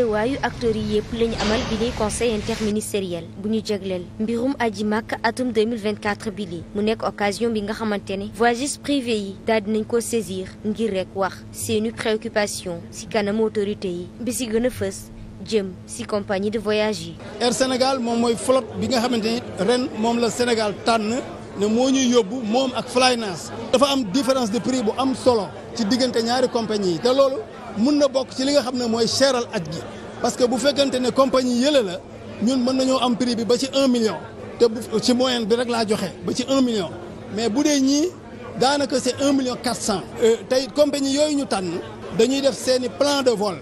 teewaayu acteurs yi yëpp la ñu amal bi liy conseil interministériel bu ñu jagleel mbirum aji màkk atum 2024 bi lii mu nekk occasion bi nga xamante ne voyages privés yi daal dinañ ko saisir ngir rek wax seeni préoccupation ci kanam autorité yi bi ci gën a fës jëm ci compagnie de voyage yi. Air Sénégal moom mooy flotte bi nga xamante ni ren moom la Sénégal tànn ne moo ñuy yóbbu moom ak Flynas. dafa am différence de prix bu am solo ci diggante ñaari compagnie yi mun na bokk ci li nga xam ne mooy seeral aj gi parce que bu fekkante ne compagnie yële la ñun mën nañoo am prix bi ba ci un million te bu ci moyenne bi rek laa joxe ba ci un million mais bu dee ñii daanaka c'est un million quatre cent euh, tey compagnie yooyu ñu tànn dañuy def seeni plan de vol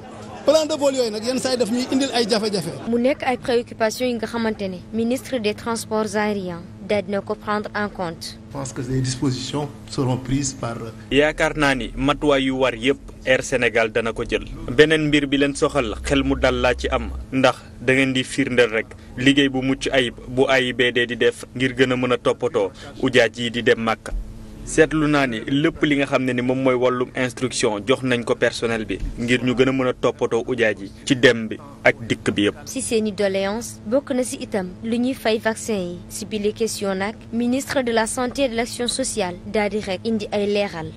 plan de vol yooyu nag yenn saa def ñuy indil ay jafe-jafe mu nekk ay préoccupations yi nga xamante ne ministre des transports aériens daal dina ko prendre en compte. je que les dispositions seront euh, yaakaar naa ni matuwaay yu war yëpp Air Sénégal dana ko jël. beneen mbir bi leen soxal xel mu dal laa ci am ndax da ngeen di firndeel rek liggéey bu mucc ayib bu AIBD di def ngir gën a mën a toppatoo ujaaj yi di dem màkk. seetlu naa ni lépp li nga xam ne ni moom mooy wàllum instruction jox nañ ko personnel bi ngir ñu gën a mën a toppatoo ujaaj ji ci dem bi ak dikk bi yëpp. si seeni doléance bokk na si itam li ñuy fay vaccin yi si bile question nag ministre de la santé et de l'action sociale daal di indi ay leeral.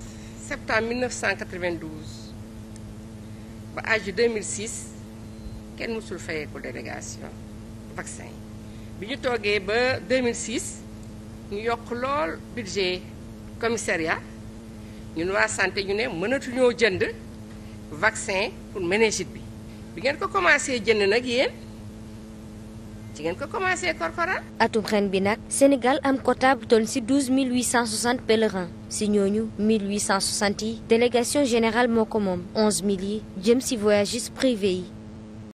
septembre 1992 ba âge de 2006 kenn mësul fayeeku délégation vaccin yi bi ñu toogee ba 2006 ñu yokk lool budget. commissariat ñun waa santé ñu ne mënatuñoo jënd vaccin pour méningite bi bi ngeen ko commencé jënd nag yéen ci ngeen ko commencé korkoral atum ren bi nag Sénégal am quota bu toll ci 12 860 pèlerins ci ñooñu 1860 yi délégation générale moo ko moom 11 000 yi jëm ci voyagistes privés yi